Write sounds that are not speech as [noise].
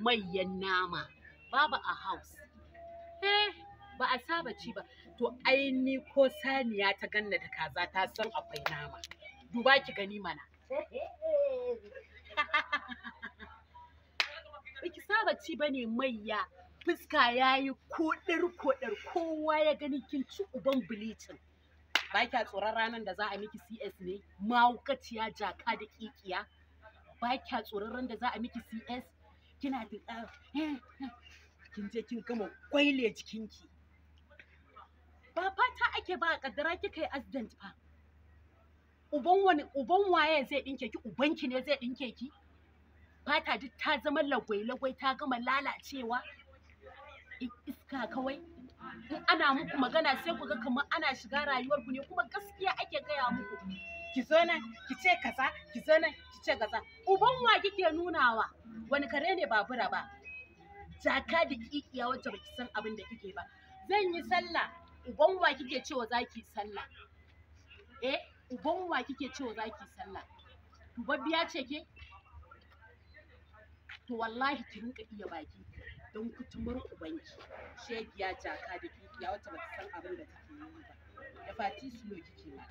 manyan nama babu a house eh ba a saba ci ba to ai ni ko saniya ta ganna da kaza ta san akwai nama duba ki gani mana [laughs] ki saba ci bane ya fuska yayi kodar kodar kowa ya gani kin ci uban bleaching ba kya tsoron ranar da za a miki CS ne mahaukaciya jaka da kikiya ba kya tsoron da za a miki CS kina tuka kin je kin gama kwaile jikinki ba fata ake ba kaddara kika yi accident fa uban wani uban waye zai dinke ki ubanki ne zai dinke ki fata duk ta zama lagwai-lagwai ta gama lalacewa iska kawai in ana muku magana sai ku ga kamar ana shiga rayuwar ku ne kuma gaskiya ake gaya muku ki zo nan ki ce kaza ki zo nan ki ce kaza uban wa kike nunawa wani kare ne babura ba jaka da kikiya wacce ba ki san abin da kike ba zan yi sallah uban wa kike cewa zaki sallah eh uban wa kike cewa zaki sallah tubabbiya ce ke to wallahi ki rinka iya baki don kutumar ubanki shegiya jaka da kikiya wacce ba baki san abin da kike yi ba da fati sulo kike magana